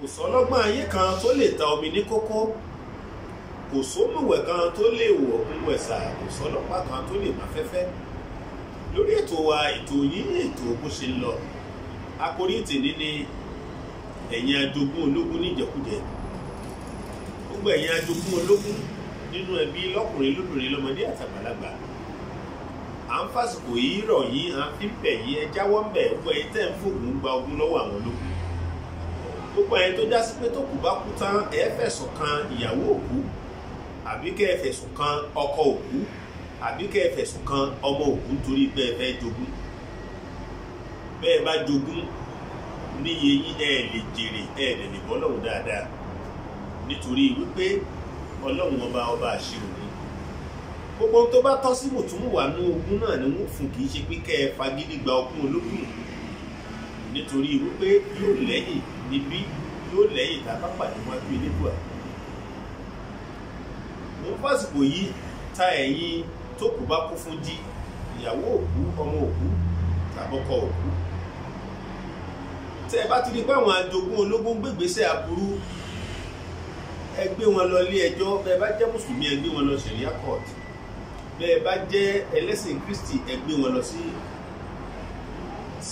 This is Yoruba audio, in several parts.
kò sọ́lọ́gbọ́n ayé kan tó lè ta omi ní kókó kò sómùwẹ̀ kan tó lè wọ̀ òmùwẹ̀ sà kò sọ́lọ́pàá kan tó lè má fẹ́fẹ́ lórí ètò wa ètò yín ètò bó ṣe lọ àkòrí tèmi ni ẹ̀yin adogún ológun níjẹkújẹ gbogbo ẹ̀yin adogún ológun nínú ẹbí lọ́kùnrin lóbìnrin lọ́mọdé àtàgbàlagbà à ń fàsìkò yìí rọ̀ yín à ń fi bẹ̀ yín ẹ jáwọ́ ń bẹ̀ gbọ́ ẹ tẹ́ ń fògùn gba ogún lọ́wọ́ àwọn ológun gbogbo ẹni tó dá sí pé tó kù bá kú tán ẹ fẹ̀sùn kan ìyàwó òkú àbí kẹ́ ẹ fẹ̀sùn kan ọkọ òkú àbí kẹ́ ẹ fẹ̀sùn kan ọmọ òkú torí pé ẹ fẹ́ jogún bẹ́ẹ̀ bá jogún níye yín ẹ lè jèrè ẹ lè lè bọ́ lọ́hùn dáadáa nítorí wípé ọlọ́run ọba ọba àṣírò ni gbogbo tó bá tọ́ sí mùtúmùwà nú ogún náà ni wọ́n fún kì í ṣe pé kẹ́ ẹ fagídí gba ogún ológun nítorí wípé yóò lẹ́yìn níbí yóò lẹ́yìn tá a bá pàdé wọn bí elédùà mo ń fásitì yìí ta ẹ̀yin tó kù bá kú fún jí ìyàwó òkú ọmọ òkú tàbọ́kọ òkú tẹ́ ẹ bá ti rí i pé àwọn àjogún ológun gbègbèsè aburú ẹ gbé wọn lọ ilé ẹjọ́ bẹ́ẹ̀ bá jẹ́ mùsùlùmí ẹ gbé wọn lọ sẹ̀ríà court bẹ́ẹ̀ bá jẹ́ ẹlẹ́sìn kristi ẹ gbé wọn lọ sí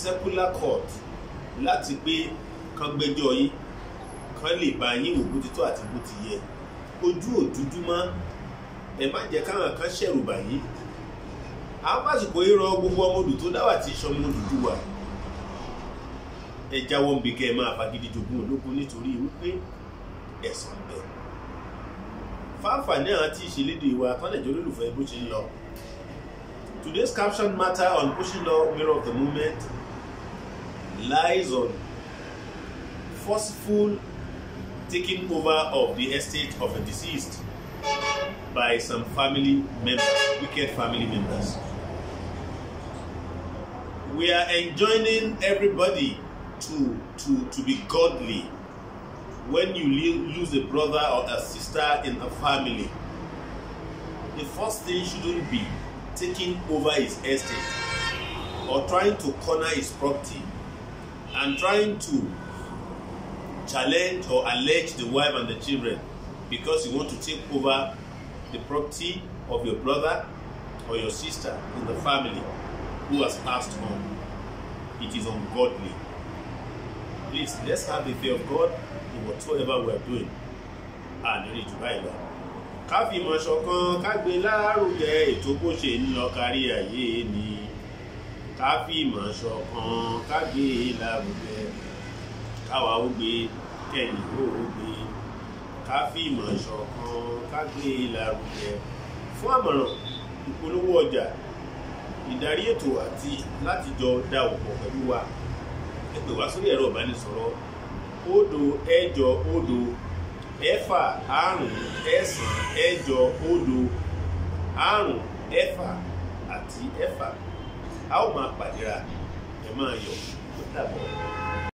secular court láti pé kán yín kán lè bá yín wò bó ti tó àti bó ti yẹ ojú òdúdú ẹ má jẹ́ káwọn kan ṣẹ̀rù bà yín àwọn gbogbo ọmọ odù tó dáwà tí sọmọ òdúdú wà ẹ jáwọ́ ń bi kẹ́ ẹ máa fagídí jogún ológun nítorí wípé ẹ̀sán bẹ́ẹ̀ fáfàní àwọn tí ìṣèlédè wa tọ́lẹ̀jọ́ olólùfẹ́ bó ṣe ń lọ Today's caption matter on pushing law mirror of the moment lies on forceful taking over of the estate of a deceased by some family members, wicked family members. We are enjoining everybody to, to, to be godly when you lose a brother or a sister in a family. The first thing shouldn't be taking over his estate or trying to corner his property and trying to challenge or allege the wife and the children because you want to take over the property of your brother or your sister in the family who has passed on. It is ungodly. Please, let's have the fear of God in whatsoever we are doing. And read to Bible. Ká fìmọ̀ ṣọ̀kan ká gbé lárugẹ ètò bó ṣe ń lọ kárí ayé ni ká fìmọ̀ ṣọ̀kan kágbé lárugẹ káwa ó gbé kẹ̀yìn ó gbé ká fìmọ̀ ṣọ̀kan kágbé lárugẹ fún àmọ̀ràn ìpolówó ọjà ìdarí ètò àti láti jọ dá òpò pẹ̀lú wa ẹ pè wá sórí ẹ̀rọ ìbánisọ̀rọ̀ òdo ẹ̀jọ òdo ẹ̀fà àrùn ẹ̀sán ẹ̀jọ òdo àrùn ẹ̀fà àti ẹ̀fà a ó máa pàdéra ẹ máa yọ̀